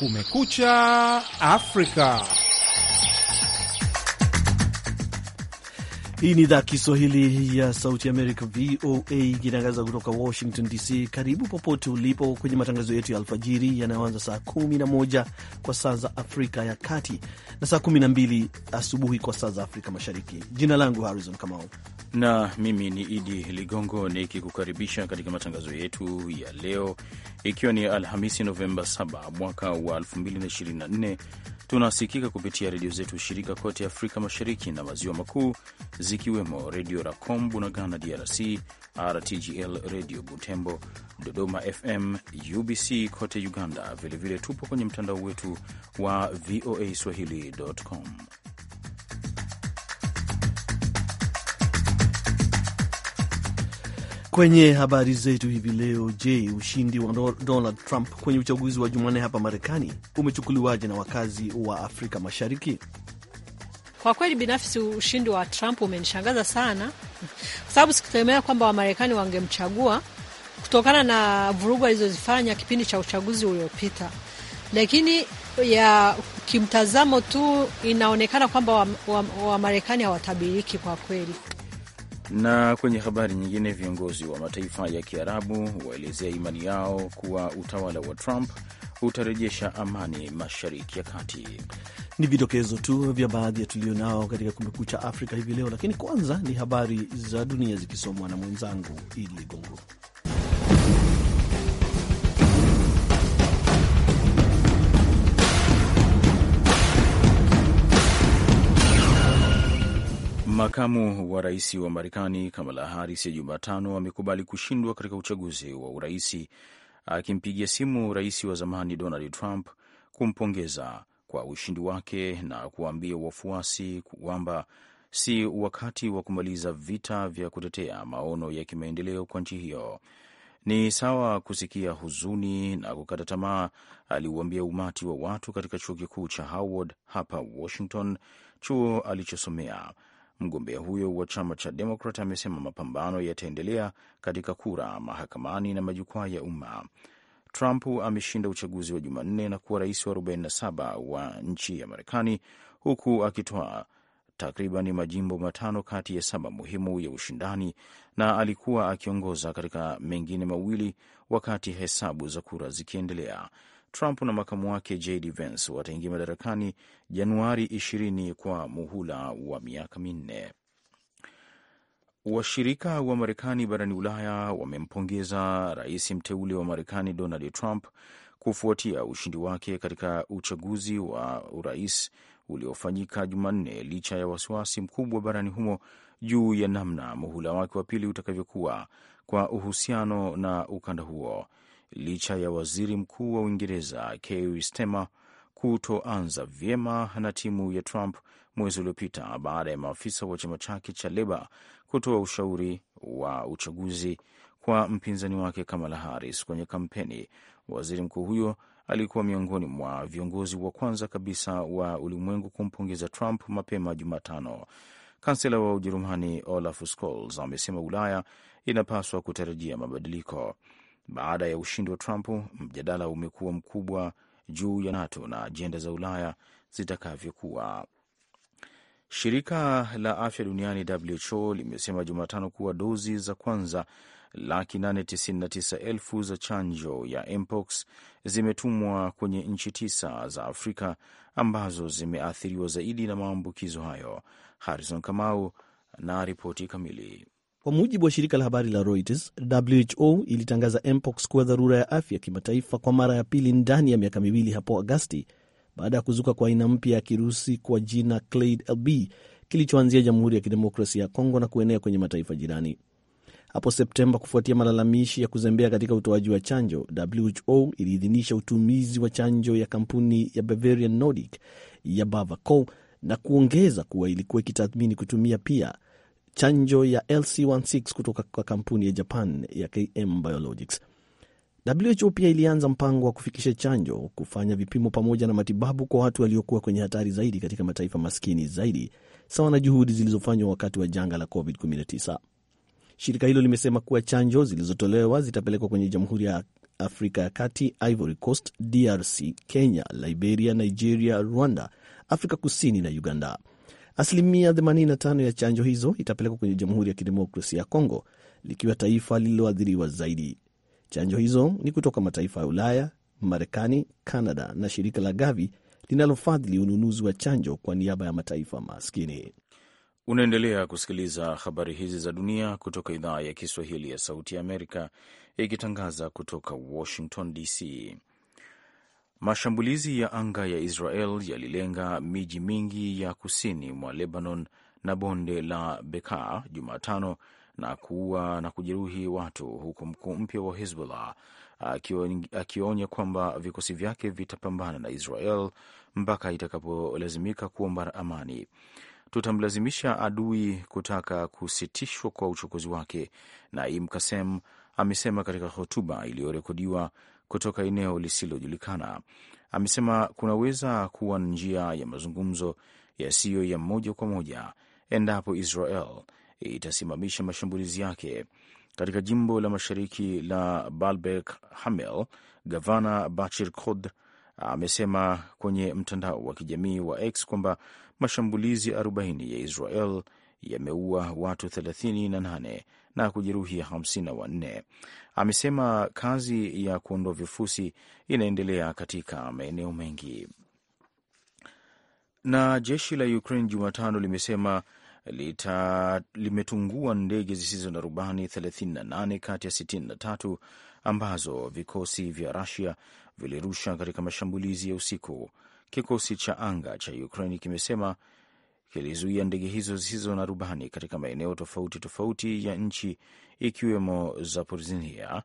Kumekucha Afrika. Hii ni idhaa Kiswahili ya Sauti Amerika, VOA, ikitangaza kutoka Washington DC. Karibu popote ulipo kwenye matangazo yetu ya alfajiri yanayoanza saa 11 kwa saa za Afrika ya Kati na saa 12 asubuhi kwa saa za Afrika Mashariki. Jina langu Harrison Kamau na mimi ni Idi Ligongo nikikukaribisha katika matangazo yetu ya leo, ikiwa ni Alhamisi Novemba 7 mwaka wa 2024 Tunasikika kupitia redio zetu shirika kote Afrika Mashariki na Maziwa Makuu, zikiwemo Redio Racom Bunagana DRC, RTGL Redio Butembo, Dodoma FM, UBC kote Uganda. Vilevile vile tupo kwenye mtandao wetu wa VOA swahili.com. Kwenye habari zetu hivi leo, je, ushindi wa Donald Trump kwenye uchaguzi wa Jumanne hapa Marekani umechukuliwaje na wakazi wa Afrika Mashariki? Kwa kweli binafsi ushindi wa Trump umenishangaza sana, kwa sababu sikutegemea kwamba Wamarekani wangemchagua kutokana na vurugu alizozifanya kipindi cha uchaguzi uliopita, lakini ya kimtazamo tu inaonekana kwamba Wamarekani wa, wa hawatabiriki kwa kweli. Na kwenye habari nyingine, viongozi wa mataifa ya Kiarabu waelezea imani yao kuwa utawala wa Trump utarejesha amani Mashariki ya Kati. Ni vidokezo tu vya baadhi ya tulio nao katika Kumekucha Afrika hivi leo, lakini kwanza ni habari za dunia zikisomwa na mwenzangu Idi Ligongo. Makamu wa rais wa Marekani Kamala Harris ya Jumatano amekubali kushindwa katika uchaguzi wa uraisi, akimpigia simu rais wa zamani Donald Trump kumpongeza kwa ushindi wake na kuwaambia wafuasi kwamba si wakati wa kumaliza vita vya kutetea maono ya kimaendeleo kwa nchi hiyo. Ni sawa kusikia huzuni na kukata tamaa, aliuambia umati wa watu katika chuo kikuu cha Howard hapa Washington, chuo alichosomea Mgombea huyo wa chama cha Demokrat amesema mapambano yataendelea katika kura, mahakamani na majukwaa ya umma. Trump ameshinda uchaguzi wa Jumanne na kuwa rais wa 47 wa nchi ya Marekani, huku akitoa takriban majimbo matano kati ya saba muhimu ya ushindani, na alikuwa akiongoza katika mengine mawili wakati hesabu za kura zikiendelea. Trump na makamu wake JD Vance wataingia madarakani Januari 20 kwa muhula wa miaka minne. Washirika wa Marekani barani Ulaya wamempongeza rais mteule wa Marekani Donald Trump kufuatia ushindi wake katika uchaguzi wa urais uliofanyika Jumanne licha ya wasiwasi mkubwa barani humo juu ya namna muhula wake wa pili utakavyokuwa kwa uhusiano na ukanda huo licha ya waziri mkuu wa Uingereza Keir Starmer kutoanza vyema na timu ya Trump mwezi uliopita baada ya maafisa wa chama chake cha Leba kutoa ushauri wa uchaguzi kwa mpinzani wake Kamala Harris kwenye kampeni. Waziri mkuu huyo alikuwa miongoni mwa viongozi wa kwanza kabisa wa ulimwengu kumpongeza Trump mapema Jumatano. Kansela wa Ujerumani Olaf Scholz amesema Ulaya inapaswa kutarajia mabadiliko. Baada ya ushindi wa Trump, mjadala umekuwa mkubwa juu ya NATO na ajenda za Ulaya zitakavyokuwa. Shirika la afya duniani WHO limesema Jumatano kuwa dozi za kwanza laki 899,000 za chanjo ya mpox zimetumwa kwenye nchi tisa za Afrika ambazo zimeathiriwa zaidi na maambukizo hayo. Harrison Kamau na ripoti kamili. Kwa mujibu wa shirika la habari la Reuters, WHO ilitangaza mpox kuwa dharura ya afya kimataifa kwa mara ya pili ndani ya miaka miwili hapo Agasti, baada ya kuzuka kwa aina mpya ya kirusi kwa jina Clade lb kilichoanzia Jamhuri ya Kidemokrasia ya Kongo na kuenea kwenye mataifa jirani hapo Septemba. Kufuatia malalamishi ya kuzembea katika utoaji wa chanjo, WHO iliidhinisha utumizi wa chanjo ya kampuni ya Bavarian Nordic ya Bavaco na kuongeza kuwa ilikuwa ikitathmini kutumia pia chanjo ya LC16 kutoka kwa kampuni ya Japan ya KM Biologics. WHO pia ilianza mpango wa kufikisha chanjo, kufanya vipimo pamoja na matibabu kwa watu waliokuwa kwenye hatari zaidi katika mataifa maskini zaidi, sawa na juhudi zilizofanywa wakati wa janga la COVID-19. Shirika hilo limesema kuwa chanjo zilizotolewa zitapelekwa kwenye Jamhuri ya Afrika ya Kati, Ivory Coast, DRC, Kenya, Liberia, Nigeria, Rwanda, Afrika Kusini na Uganda. Asilimia 85 ya chanjo hizo itapelekwa kwenye Jamhuri ya Kidemokrasia ya Kongo, likiwa taifa lililoathiriwa zaidi. Chanjo hizo ni kutoka mataifa ya Ulaya, Marekani, canada na shirika la Gavi linalofadhili ununuzi wa chanjo kwa niaba ya mataifa maskini. Unaendelea kusikiliza habari hizi za dunia kutoka idhaa ya Kiswahili ya Sauti ya Amerika, ikitangaza kutoka Washington DC. Mashambulizi ya anga ya Israel yalilenga miji mingi ya kusini mwa Lebanon na bonde la beka Jumatano na kuua na kujeruhi watu, huku mkuu mpya wa Hezbollah akionya kwamba vikosi vyake vitapambana na Israel mpaka itakapolazimika kuomba amani. Tutamlazimisha adui kutaka kusitishwa kwa uchokozi wake, Naim Kasem amesema katika hotuba iliyorekodiwa kutoka eneo lisilojulikana. Amesema kunaweza kuwa na njia ya mazungumzo yasiyo ya moja kwa moja endapo Israel itasimamisha mashambulizi yake katika jimbo la mashariki la Baalbek Hamel. Gavana Bachir Kod amesema kwenye mtandao wa kijamii wa X kwamba mashambulizi 40 ya Israel yameua watu 38 na kujeruhi hamsini Amesema kazi ya kuondoa vifusi inaendelea katika maeneo mengi. Na jeshi la Ukraine Jumatano limesema lita, limetungua ndege zisizo na rubani 38 kati ya 63 ambazo vikosi vya Rusia vilirusha katika mashambulizi ya usiku. Kikosi cha anga cha Ukraine kimesema kilizuia ndege hizo zisizo na rubani katika maeneo tofauti tofauti ya nchi ikiwemo Zaporizhia.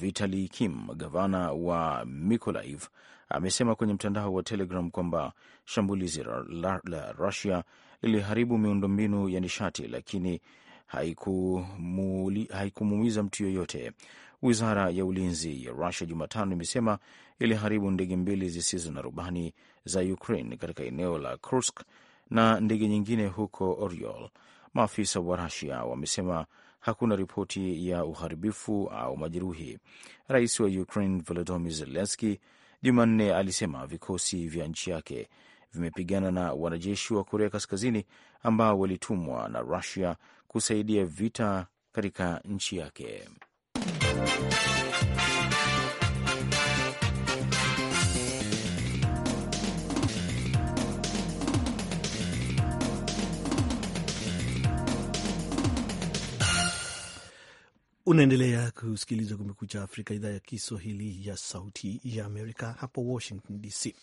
Vitali Kim, gavana wa Mikolaiv, amesema kwenye mtandao wa Telegram kwamba shambulizi la, la, la Rusia liliharibu miundombinu ya nishati lakini haikumuumiza mtu yoyote. Wizara ya ulinzi ya Rusia Jumatano imesema iliharibu ndege mbili zisizo na rubani za Ukraine katika eneo la Kursk na ndege nyingine huko Oriol. Maafisa wa Rasia wamesema hakuna ripoti ya uharibifu au majeruhi. Rais wa Ukraine Volodymyr Zelenski Jumanne alisema vikosi vya nchi yake vimepigana na wanajeshi wa Korea Kaskazini ambao walitumwa na Rusia kusaidia vita katika nchi yake. Unaendelea kusikiliza Kumekucha Afrika, idhaa ya Kiswahili ya Sauti ya Amerika, hapa Washington DC.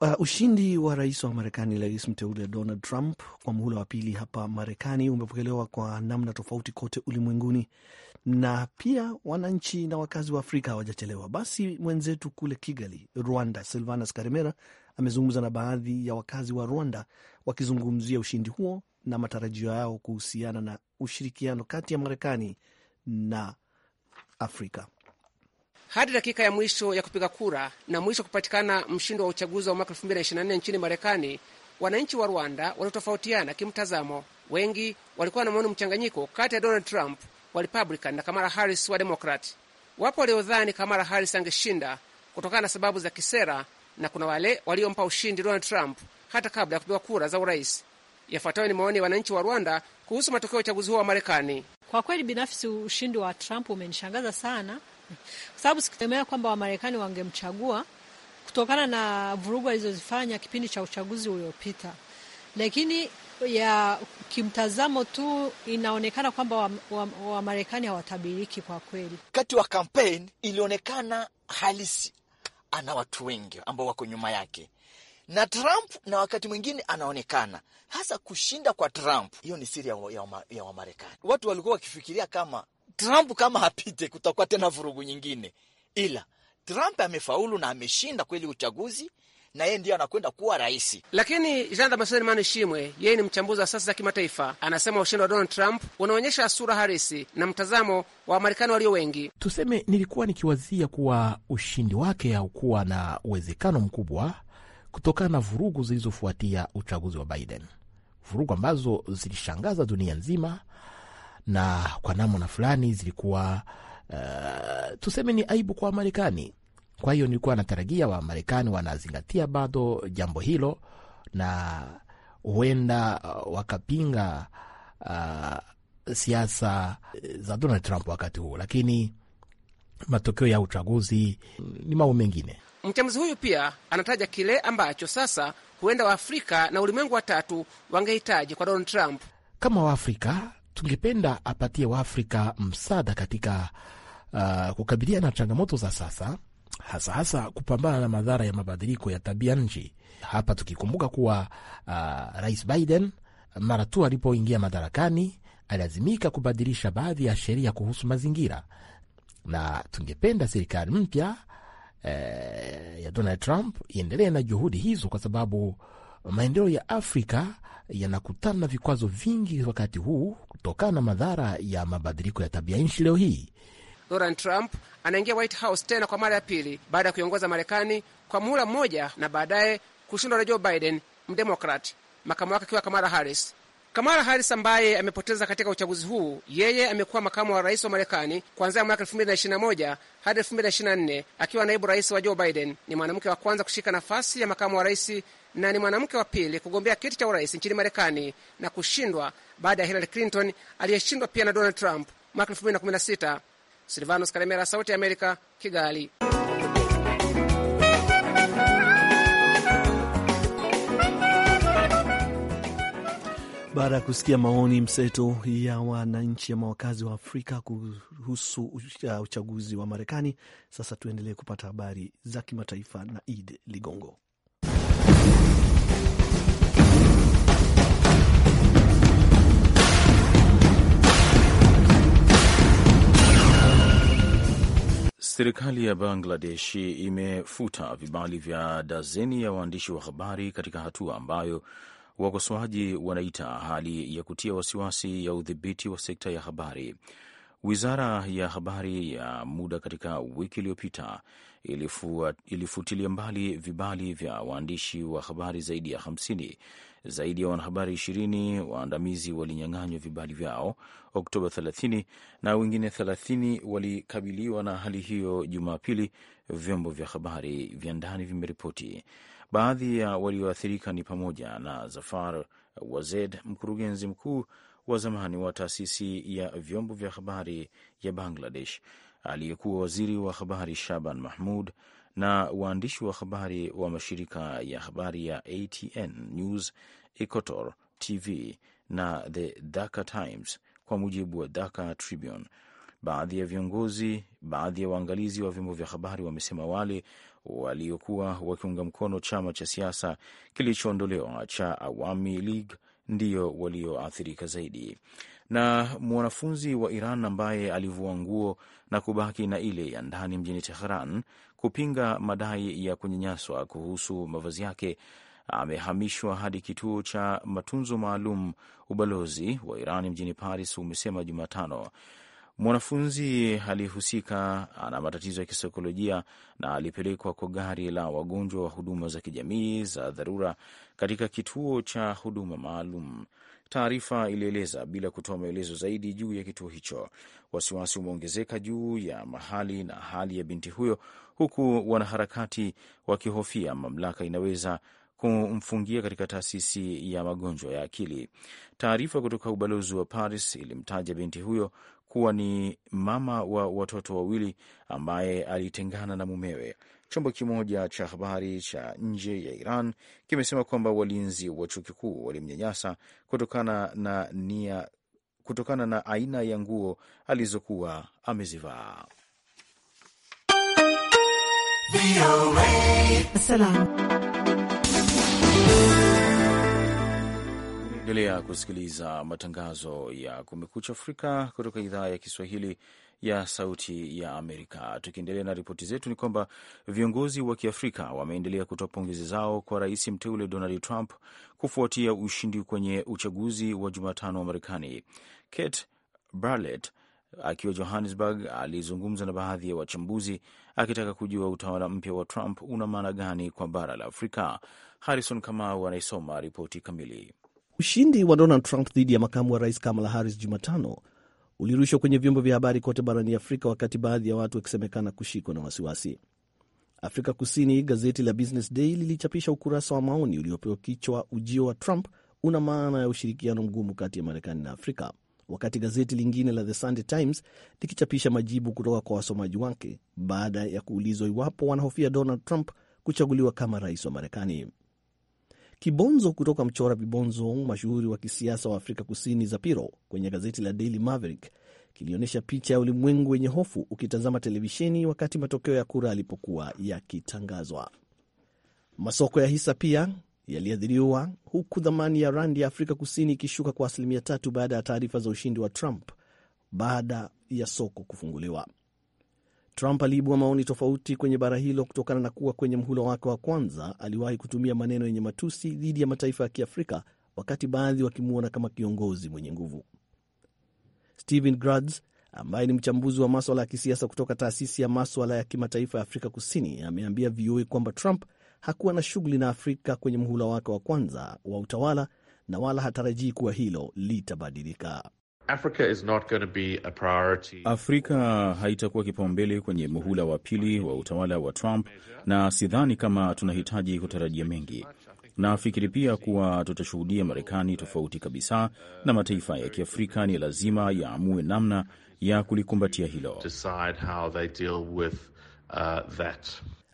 Uh, ushindi wa rais wa Marekani, rais mteule Donald Trump kwa muhula wa pili hapa Marekani umepokelewa kwa namna tofauti kote ulimwenguni, na pia wananchi na wakazi wa Afrika hawajachelewa. Basi mwenzetu kule Kigali, Rwanda, Silvanas Karemera amezungumza na baadhi ya wakazi wa Rwanda wakizungumzia ushindi huo na matarajio yao kuhusiana na ushirikiano kati ya Marekani na Afrika. Hadi dakika ya mwisho ya kupiga kura na mwisho kupatikana mshindi wa uchaguzi wa mwaka 2024 nchini Marekani, wananchi wa Rwanda walitofautiana kimtazamo. Wengi walikuwa na maoni mchanganyiko kati ya Donald Trump wa Republican na Kamala Harris wa Demokrat. Wapo waliodhani Kamala Harris angeshinda kutokana na sababu za kisera, na kuna wale waliompa ushindi Donald Trump hata kabla ya kupiga kura za urais. Yafuatayo ni maoni ya wananchi wa Rwanda kuhusu matokeo ya uchaguzi huo wa Marekani. Kwa kweli, binafsi ushindi wa Trump umenishangaza sana, kwa sababu sikutegemea kwamba Wamarekani wangemchagua kutokana na vurugu alizozifanya kipindi cha uchaguzi uliopita, lakini ya kimtazamo tu inaonekana kwamba Wamarekani wa, wa hawatabiriki kwa kweli. Wakati wa kampeni ilionekana halisi ana watu wengi ambao wako nyuma yake, na Trump na wakati mwingine anaonekana hasa. Kushinda kwa Trump hiyo ni siri ya Wamarekani. Watu walikuwa wakifikiria kama Trump kama hapite kutakuwa tena vurugu nyingine, ila Trump amefaulu na ameshinda kweli uchaguzi na yeye ndiyo anakwenda kuwa rais. Lakini Jean Damascene shimwe yeye ni mchambuzi wa siasa za kimataifa, anasema ushindi wa Donald Trump unaonyesha sura halisi na mtazamo wa Wamarekani walio wengi. Tuseme, nilikuwa nikiwazia kuwa ushindi wake haukuwa na uwezekano mkubwa kutokana na vurugu zilizofuatia uchaguzi wa Biden, vurugu ambazo zilishangaza dunia nzima na kwa namna fulani zilikuwa uh, tuseme ni aibu kwa Wamarekani. Kwa hiyo nilikuwa natarajia Wamarekani wanazingatia bado jambo hilo na huenda eh, wakapinga uh, siasa za Donald Trump wakati huu, lakini matokeo ya uchaguzi ni mambo mengine. Mchambuzi huyu pia anataja kile ambacho sasa huenda Waafrika na ulimwengu watatu wangehitaji kwa Donald Trump. Kama Waafrika tungependa apatie Waafrika msaada katika uh, kukabiliana na changamoto za sasa, hasa hasa kupambana na madhara ya mabadiliko ya tabia nchi, hapa tukikumbuka kuwa uh, Rais Biden mara tu alipoingia madarakani alilazimika kubadilisha baadhi ya sheria kuhusu mazingira na tungependa serikali mpya eh, ya Donald Trump iendelee na juhudi hizo, kwa sababu maendeleo ya Afrika yanakutana na vikwazo vingi wakati huu kutokana na madhara ya mabadiliko ya tabia nchi. Leo hii Donald Trump anaingia White House tena kwa mara ya pili baada ya kuiongoza Marekani kwa muhula mmoja na baadaye kushindwa na Joe Biden mdemokrat, makamu wake akiwa Kamala Harris. Kamala Harris ambaye amepoteza katika uchaguzi huu, yeye amekuwa makamu wa rais wa Marekani kuanzia mwaka 2021 hadi 2024 akiwa naibu rais wa Joe Biden. Ni mwanamke wa kwanza kushika nafasi ya makamu wa rais na ni mwanamke wa pili kugombea kiti cha urais nchini Marekani na kushindwa baada ya Hillary Clinton aliyeshindwa pia na Donald Trump mwaka 2016. Silvanos Karemera, Sauti ya Amerika, Kigali. Baada ya kusikia maoni mseto ya wananchi ama wakazi wa Afrika kuhusu uchaguzi wa Marekani, sasa tuendelee kupata habari za kimataifa na Id Ligongo. Serikali ya Bangladesh imefuta vibali vya dazeni ya waandishi wa habari katika hatua ambayo wakosoaji wanaita hali ya kutia wasiwasi ya udhibiti wa sekta ya habari. Wizara ya habari ya muda katika wiki iliyopita ilifutilia mbali vibali vya waandishi wa habari zaidi ya 50. Zaidi ya wanahabari 20 waandamizi walinyang'anywa vibali vyao Oktoba 30 na wengine 30 walikabiliwa na hali hiyo Jumapili, vyombo vya habari vya ndani vimeripoti. Baadhi ya walioathirika ni pamoja na Zafar Wazed, mkurugenzi mkuu wa zamani wa taasisi ya vyombo vya habari ya Bangladesh, aliyekuwa waziri wa habari Shaban Mahmud na waandishi wa habari wa mashirika ya habari ya ATN News, Ecotor TV na The Dhaka Times, kwa mujibu wa Dhaka Tribune. Baadhi ya viongozi, baadhi ya waangalizi wa vyombo vya habari wamesema wale waliokuwa wakiunga mkono chama cha siasa kilichoondolewa cha Awami League ndiyo walioathirika zaidi. Na mwanafunzi wa Iran ambaye alivua nguo na kubaki na ile ya ndani mjini Tehran kupinga madai ya kunyanyaswa kuhusu mavazi yake amehamishwa hadi kituo cha matunzo maalum. Ubalozi wa Iran mjini Paris umesema Jumatano Mwanafunzi alihusika ana matatizo ya kisaikolojia na alipelekwa kwa gari la wagonjwa wa huduma za kijamii za dharura katika kituo cha huduma maalum, taarifa ilieleza, bila kutoa maelezo zaidi juu ya kituo hicho. Wasiwasi umeongezeka juu ya mahali na hali ya binti huyo, huku wanaharakati wakihofia mamlaka inaweza kumfungia katika taasisi ya magonjwa ya akili. Taarifa kutoka ubalozi wa Paris ilimtaja binti huyo kuwa ni mama wa watoto wawili ambaye alitengana na mumewe. Chombo kimoja cha habari cha nje ya Iran kimesema kwamba walinzi wa chuo kikuu walimnyanyasa kutokana na nia, kutokana na aina ya nguo alizokuwa amezivaa. Unaendelea kusikiliza matangazo ya Kumekucha Afrika kutoka idhaa ya Kiswahili ya Sauti ya Amerika. Tukiendelea na ripoti zetu, ni kwamba viongozi wa Kiafrika wameendelea kutoa pongezi zao kwa rais mteule Donald Trump kufuatia ushindi kwenye uchaguzi wa Jumatano wa Marekani. Kate Barlett akiwa Johannesburg alizungumza na baadhi ya wachambuzi akitaka kujua utawala mpya wa Trump una maana gani kwa bara la Afrika. Harrison Kamau anaisoma ripoti kamili. Ushindi wa Donald Trump dhidi ya makamu wa rais Kamala Harris Jumatano ulirushwa kwenye vyombo vya habari kote barani Afrika, wakati baadhi ya watu wakisemekana kushikwa na wasiwasi. Afrika Kusini, gazeti la Business Day lilichapisha ukurasa wa maoni uliopewa kichwa ujio wa Trump una maana ya ushirikiano mgumu kati ya Marekani na Afrika, wakati gazeti lingine la The Sunday Times likichapisha majibu kutoka kwa wasomaji wake baada ya kuulizwa iwapo wanahofia Donald Trump kuchaguliwa kama rais wa Marekani. Kibonzo kutoka mchora vibonzo mashuhuri wa kisiasa wa Afrika Kusini Zapiro kwenye gazeti la Daily Maverick kilionyesha picha ya ulimwengu wenye hofu ukitazama televisheni wakati matokeo ya kura yalipokuwa yakitangazwa. Masoko ya hisa pia yaliathiriwa huku thamani ya randi ya Afrika Kusini ikishuka kwa asilimia tatu baada ya taarifa za ushindi wa Trump baada ya soko kufunguliwa. Trump aliibua maoni tofauti kwenye bara hilo kutokana na kuwa kwenye mhula wake wa kwanza aliwahi kutumia maneno yenye matusi dhidi ya mataifa ya Kiafrika, wakati baadhi wakimwona kama kiongozi mwenye nguvu. Stephen Grads ambaye ni mchambuzi wa maswala ya kisiasa kutoka taasisi ya maswala ya kimataifa ya Afrika Kusini ameambia VOA kwamba Trump hakuwa na shughuli na Afrika kwenye mhula wake wa kwanza wa utawala na wala hatarajii kuwa hilo litabadilika. Afrika haitakuwa kipaumbele kwenye muhula wa pili wa utawala wa Trump, na sidhani kama tunahitaji kutarajia mengi. Nafikiri pia kuwa tutashuhudia Marekani tofauti kabisa, na mataifa ya Kiafrika ni lazima yaamue namna ya kulikumbatia hilo.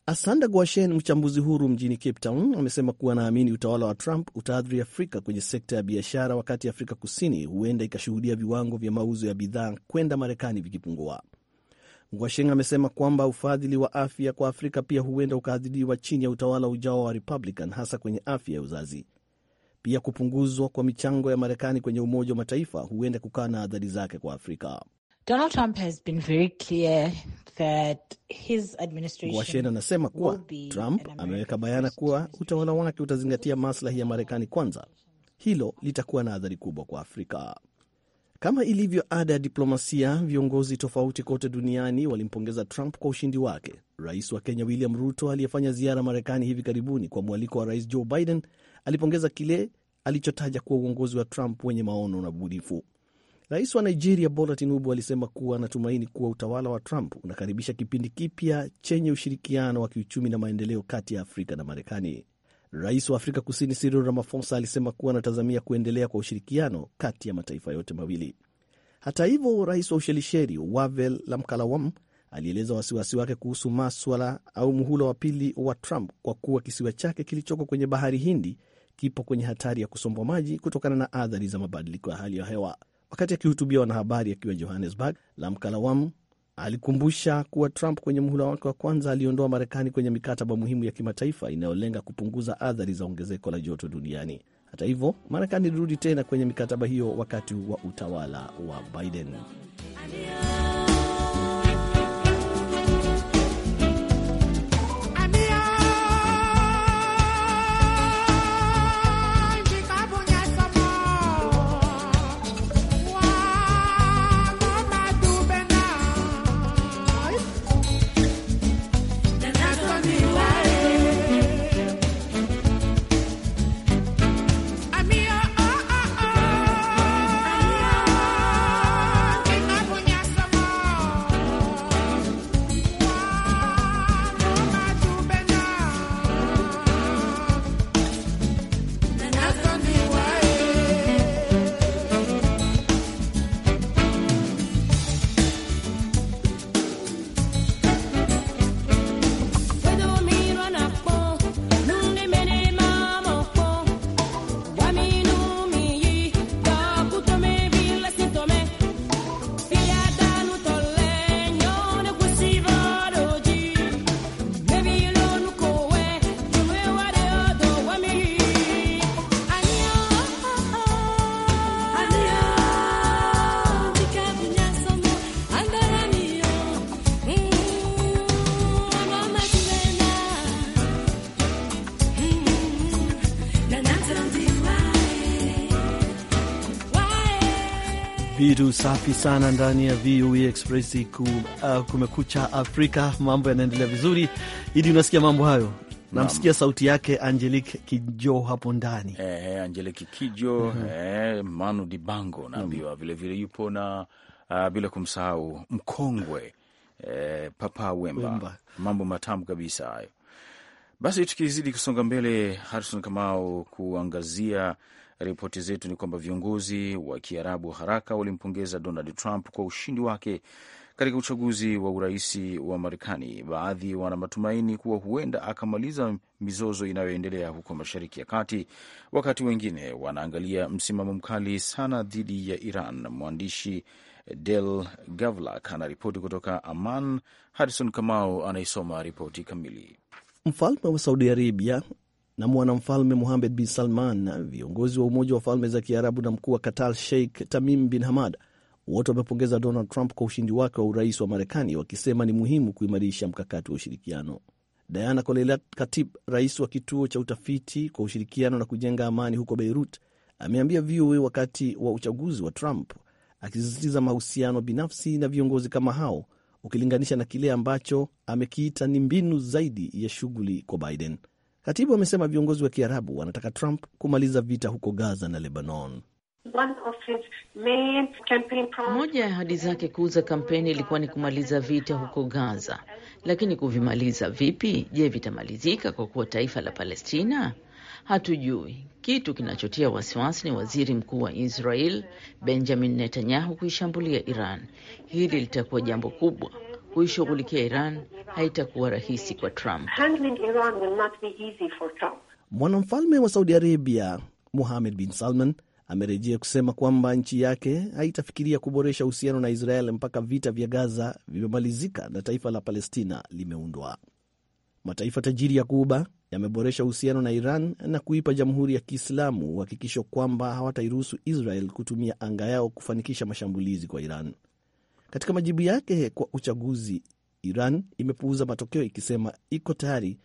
Asanda Gwashen, mchambuzi huru mjini Cape Town, amesema kuwa anaamini utawala wa Trump utaathiri Afrika kwenye sekta ya biashara, wakati Afrika Kusini huenda ikashuhudia viwango vya mauzo ya bidhaa kwenda Marekani vikipungua. Gwashen amesema kwamba ufadhili wa afya kwa Afrika pia huenda ukaadhiriwa chini ya utawala ujao wa Republican, hasa kwenye afya ya uzazi. Pia kupunguzwa kwa michango ya Marekani kwenye Umoja wa Mataifa huenda kukaa na adhari zake kwa Afrika. Donald Trump has been very clear that his administration. Washington anasema kuwa Trump ameweka bayana kuwa utawala wake utazingatia maslahi ya Marekani kwanza. Hilo litakuwa na athari kubwa kwa Afrika. Kama ilivyo ada ya diplomasia, viongozi tofauti kote duniani walimpongeza Trump kwa ushindi wake. Rais wa Kenya William Ruto aliyefanya ziara Marekani hivi karibuni kwa mwaliko wa Rais Joe Biden alipongeza kile alichotaja kuwa uongozi wa Trump wenye maono na ubunifu. Rais wa Nigeria Bola Tinubu alisema kuwa anatumaini kuwa utawala wa Trump unakaribisha kipindi kipya chenye ushirikiano wa kiuchumi na maendeleo kati ya Afrika na Marekani. Rais wa Afrika Kusini Cyril Ramaphosa alisema kuwa anatazamia kuendelea kwa ushirikiano kati ya mataifa yote mawili. Hata hivyo, rais wa Ushelisheli Wavel Lamkalawam alieleza wasiwasi wake kuhusu maswala au muhula wa pili wa Trump kwa kuwa kisiwa chake kilichoko kwenye bahari Hindi kipo kwenye hatari ya kusombwa maji kutokana na athari za mabadiliko ya hali ya hewa. Wakati akihutubia wanahabari akiwa Johannesburg, lamkalawam alikumbusha kuwa Trump kwenye muhula wake wa kwanza aliondoa Marekani kwenye mikataba muhimu ya kimataifa inayolenga kupunguza athari za ongezeko la joto duniani. Hata hivyo, Marekani ilirudi tena kwenye mikataba hiyo wakati wa utawala wa Biden. vitu safi sana ndani ya VOA e Express ku, uh, kumekucha Afrika. Mambo yanaendelea vizuri, Idi, unasikia mambo hayo? Namsikia sauti yake Angelik Kijo hapo ndani eh, eh Angelik Kijo mm -hmm. eh, Manu Dibango naambiwa mm -hmm. vilevile yupo na uh, bila kumsahau mkongwe eh, Papa Wemba. Wemba, mambo matamu kabisa hayo. Basi tukizidi kusonga mbele, Harison Kamau kuangazia ripoti zetu ni kwamba viongozi wa Kiarabu haraka walimpongeza Donald Trump kwa ushindi wake katika uchaguzi wa urais wa Marekani. Baadhi wana matumaini kuwa huenda akamaliza mizozo inayoendelea huko Mashariki ya Kati, wakati wengine wanaangalia msimamo mkali sana dhidi ya Iran. Mwandishi Del Gavlak anaripoti kutoka aman Harrison Kamau anaisoma ripoti kamili. Mfalme wa Saudi Arabia na mwanamfalme muhamed bin Salman, viongozi wa Umoja wa Falme za Kiarabu na mkuu wa katal Sheikh Tamim bin Hamad wote wamepongeza Donald Trump kwa ushindi wake wa urais wa Marekani, wakisema ni muhimu kuimarisha mkakati wa ushirikiano. Diana Koleilat Katib, rais wa kituo cha utafiti kwa ushirikiano na kujenga amani huko Beirut, ameambia VOA wakati wa uchaguzi wa Trump, akisisitiza mahusiano binafsi na viongozi kama hao ukilinganisha na kile ambacho amekiita ni mbinu zaidi ya shughuli kwa Biden. Katibu amesema viongozi wa Kiarabu wanataka Trump kumaliza vita huko Gaza na Lebanon. Moja ya ahadi zake kuu za kampeni ilikuwa ni kumaliza vita huko Gaza, lakini kuvimaliza vipi? Je, vitamalizika kwa kuwa taifa la Palestina? Hatujui. Kitu kinachotia wasiwasi ni waziri mkuu wa Israel Benjamin Netanyahu kuishambulia Iran. Hili litakuwa jambo kubwa kuishughulikia Iran haitakuwa rahisi kwa Trump. Mwanamfalme wa Saudi Arabia muhamed bin Salman amerejea kusema kwamba nchi yake haitafikiria kuboresha uhusiano na Israel mpaka vita vya Gaza vimemalizika na taifa la Palestina limeundwa. Mataifa tajiri ya Kuba yameboresha uhusiano na Iran na kuipa Jamhuri ya Kiislamu uhakikisho kwamba hawatairuhusu Israel kutumia anga yao kufanikisha mashambulizi kwa Iran. Katika majibu yake kwa uchaguzi, Iran imepuuza matokeo ikisema iko tayari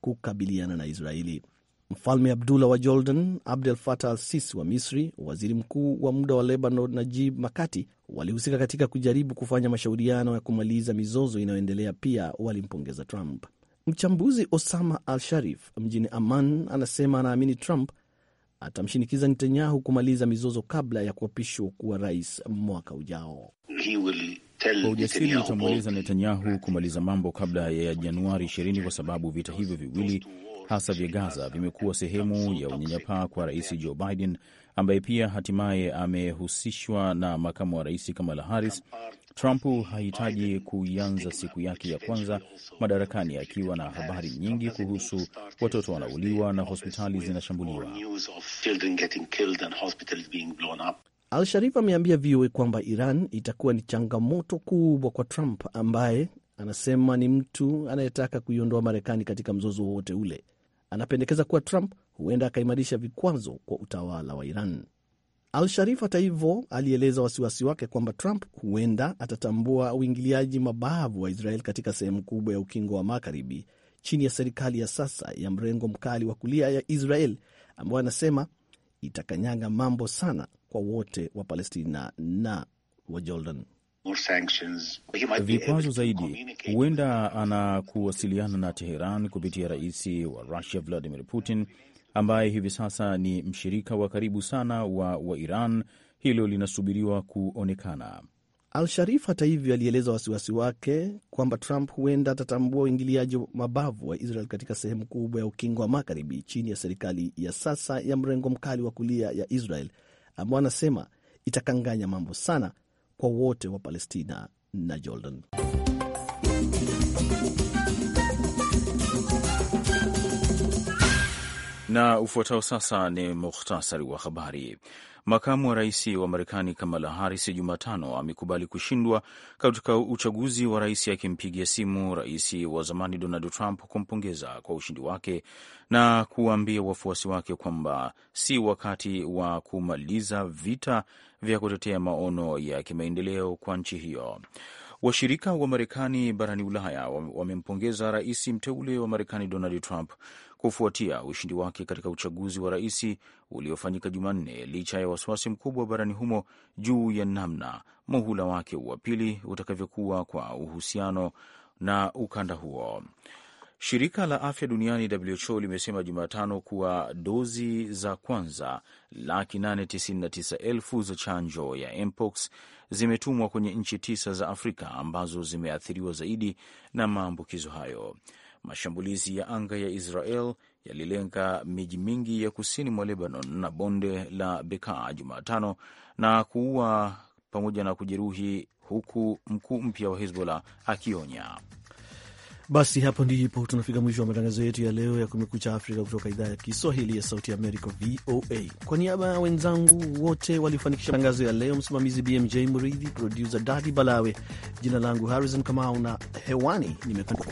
kukabiliana na Israeli. Mfalme Abdullah wa Jordan, Abdel Fattah al-Sisi wa Misri, waziri mkuu wa muda wa Lebanon Najib Makati walihusika katika kujaribu kufanya mashauriano ya kumaliza mizozo inayoendelea. Pia walimpongeza Trump. Mchambuzi Osama al-Sharif mjini Amman anasema anaamini Trump atamshinikiza Netanyahu kumaliza mizozo kabla ya kuapishwa kuwa rais mwaka ujao. Kwa ujasiri utamweleza Netanyahu kumaliza mambo kabla ya Januari 20 kwa sababu vita hivyo viwili hasa vya Gaza vimekuwa sehemu ya unyanyapaa kwa Rais Joe Biden ambaye pia hatimaye amehusishwa na makamu wa rais Kamala Harris. Trump hahitaji kuianza siku yake ya kwanza madarakani akiwa na habari nyingi kuhusu watoto wanauliwa na hospitali zinashambuliwa. Al-Sharif ameambia VOA kwamba Iran itakuwa ni changamoto kubwa kwa Trump ambaye anasema ni mtu anayetaka kuiondoa Marekani katika mzozo wowote ule. Anapendekeza kuwa Trump huenda akaimarisha vikwazo kwa utawala wa Iran. Al-Sharif hata hivyo alieleza wasiwasi wake kwamba Trump huenda atatambua uingiliaji mabavu wa Israel katika sehemu kubwa ya ukingo wa Magharibi chini ya serikali ya sasa ya mrengo mkali wa kulia ya Israel ambayo anasema itakanyaga mambo sana kwa wote wa Palestina na wa Jordan. Vikwazo zaidi huenda anakuwasiliana na Teheran kupitia rais wa Russia Vladimir Putin, ambaye hivi sasa ni mshirika wa karibu sana wa, wa Iran. Hilo linasubiriwa kuonekana. Al-Sharif hata hivyo alieleza wasiwasi wake kwamba Trump huenda atatambua uingiliaji mabavu wa Israel katika sehemu kubwa ya ukingo wa magharibi chini ya serikali ya sasa ya mrengo mkali wa kulia ya Israel ambao anasema itakanganya mambo sana kwa wote wa Palestina na Jordan. Na ufuatao sasa ni muhtasari wa habari. Makamu wa rais wa Marekani Kamala Harris Jumatano amekubali kushindwa katika uchaguzi wa rais, akimpigia simu rais wa zamani Donald Trump kumpongeza kwa ushindi wake na kuwaambia wafuasi wake kwamba si wakati wa kumaliza vita vya kutetea maono ya kimaendeleo kwa nchi hiyo. Washirika wa Marekani barani Ulaya wamempongeza rais mteule wa Marekani Donald Trump kufuatia ushindi wake katika uchaguzi wa rais uliofanyika Jumanne, licha ya wasiwasi mkubwa barani humo juu ya namna muhula wake wa pili utakavyokuwa kwa uhusiano na ukanda huo. Shirika la afya duniani WHO limesema Jumatano kuwa dozi za kwanza laki 899,000 za chanjo ya mpox zimetumwa kwenye nchi tisa za Afrika ambazo zimeathiriwa zaidi na maambukizo hayo. Mashambulizi ya anga ya Israel yalilenga miji mingi ya kusini mwa Lebanon na bonde la Bekaa Jumatano na kuua pamoja na kujeruhi, huku mkuu mpya wa Hezbollah akionya. Basi hapo ndipo tunafika mwisho wa matangazo yetu ya leo ya Kumekucha Afrika kutoka idhaa ya Kiswahili ya Sauti Amerika, VOA. Kwa niaba ya wenzangu wote waliofanikisha matangazo ya leo, msimamizi BMJ Mridhi, produsa Dadi Balawe, jina langu Harrison Kamau na hewani nimekuwa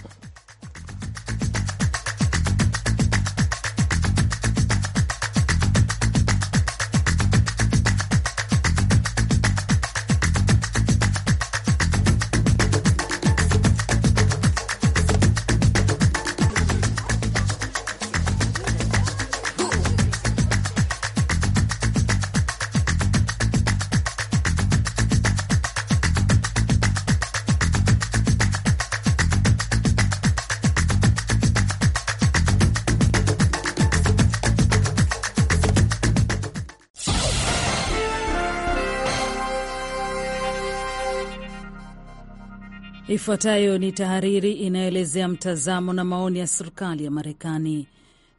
Ifuatayo ni tahariri inayoelezea mtazamo na maoni ya serikali ya Marekani.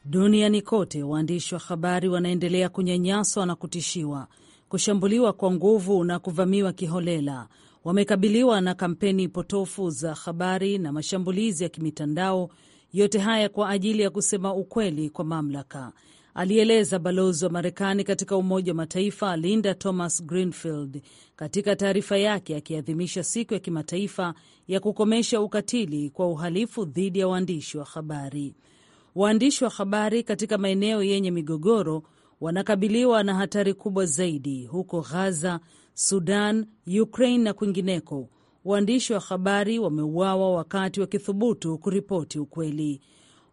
Duniani kote waandishi wa habari wanaendelea kunyanyaswa na kutishiwa, kushambuliwa kwa nguvu na kuvamiwa kiholela. Wamekabiliwa na kampeni potofu za habari na mashambulizi ya kimitandao, yote haya kwa ajili ya kusema ukweli kwa mamlaka alieleza balozi wa Marekani katika Umoja wa Mataifa Linda Thomas Greenfield katika taarifa yake akiadhimisha siku ya kimataifa ya kukomesha ukatili kwa uhalifu dhidi ya waandishi wa habari. Waandishi wa habari katika maeneo yenye migogoro wanakabiliwa na hatari kubwa zaidi. Huko Gaza, Sudan, Ukraine na kwingineko, waandishi wa habari wameuawa wakati wakithubutu kuripoti ukweli.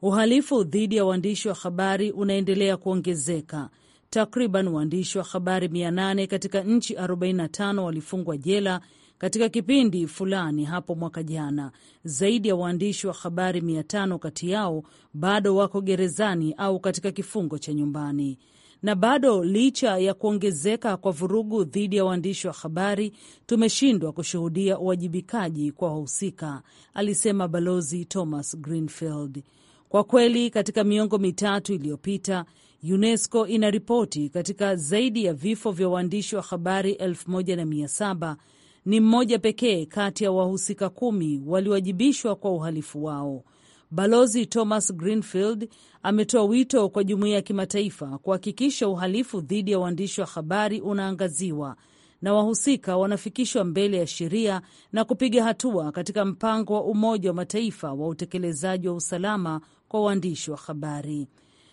Uhalifu dhidi ya waandishi wa habari unaendelea kuongezeka. Takriban waandishi wa habari 800 katika nchi 45 walifungwa jela katika kipindi fulani hapo mwaka jana. Zaidi ya waandishi wa habari 500 kati yao bado wako gerezani au katika kifungo cha nyumbani. Na bado licha ya kuongezeka kwa vurugu dhidi ya waandishi wa habari, tumeshindwa kushuhudia uwajibikaji kwa wahusika, alisema Balozi Thomas Greenfield. Kwa kweli, katika miongo mitatu iliyopita UNESCO ina ripoti katika zaidi ya vifo vya waandishi wa habari 1700 ni mmoja pekee kati ya wahusika kumi waliwajibishwa kwa uhalifu wao. Balozi Thomas Greenfield ametoa wito kwa jumuiya ya kimataifa kuhakikisha uhalifu dhidi ya waandishi wa habari unaangaziwa na wahusika wanafikishwa mbele ya sheria na kupiga hatua katika mpango wa Umoja wa Mataifa wa utekelezaji wa usalama kwa waandishi wa habari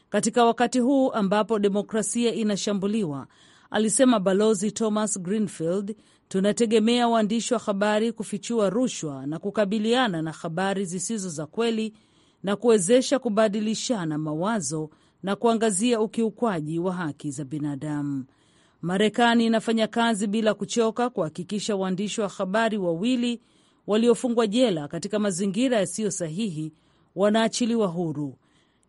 katika wakati huu ambapo demokrasia inashambuliwa, alisema Balozi Thomas Greenfield. Tunategemea waandishi wa habari kufichua rushwa na kukabiliana na habari zisizo za kweli na kuwezesha kubadilishana mawazo na kuangazia ukiukwaji wa haki za binadamu. Marekani inafanya kazi bila kuchoka kuhakikisha waandishi wa habari wawili waliofungwa jela katika mazingira yasiyo sahihi wanaachiliwa huru.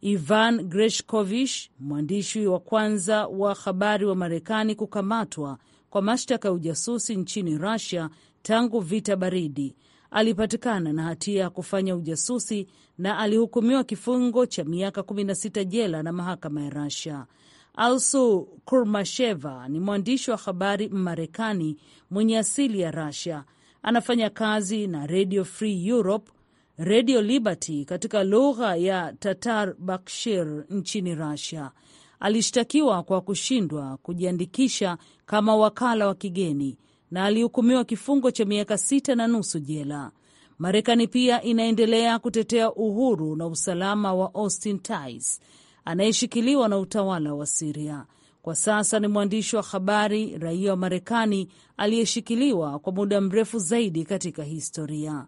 Ivan Greshkovich, mwandishi wa kwanza wa habari wa Marekani kukamatwa kwa mashtaka ya ujasusi nchini Rusia tangu vita baridi, alipatikana na hatia ya kufanya ujasusi na alihukumiwa kifungo cha miaka 16 jela na mahakama ya rasia Alsu Kurmasheva ni mwandishi wa habari Mmarekani mwenye asili ya rusia Anafanya kazi na Radio Free Europe, Radio Liberty katika lugha ya Tatar Bakshir nchini rusia Alishtakiwa kwa kushindwa kujiandikisha kama wakala wa kigeni na alihukumiwa kifungo cha miaka sita na nusu jela. Marekani pia inaendelea kutetea uhuru na usalama wa Austin Tice anayeshikiliwa na utawala wa Siria. Kwa sasa ni mwandishi wa habari raia wa Marekani aliyeshikiliwa kwa muda mrefu zaidi katika historia.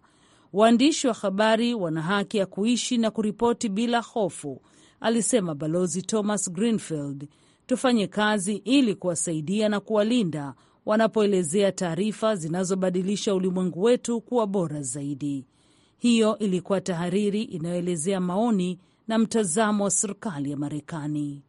Waandishi wa habari wana haki ya kuishi na kuripoti bila hofu, alisema Balozi Thomas Greenfield. Tufanye kazi ili kuwasaidia na kuwalinda wanapoelezea taarifa zinazobadilisha ulimwengu wetu kuwa bora zaidi. Hiyo ilikuwa tahariri inayoelezea maoni na mtazamo wa serikali ya Marekani.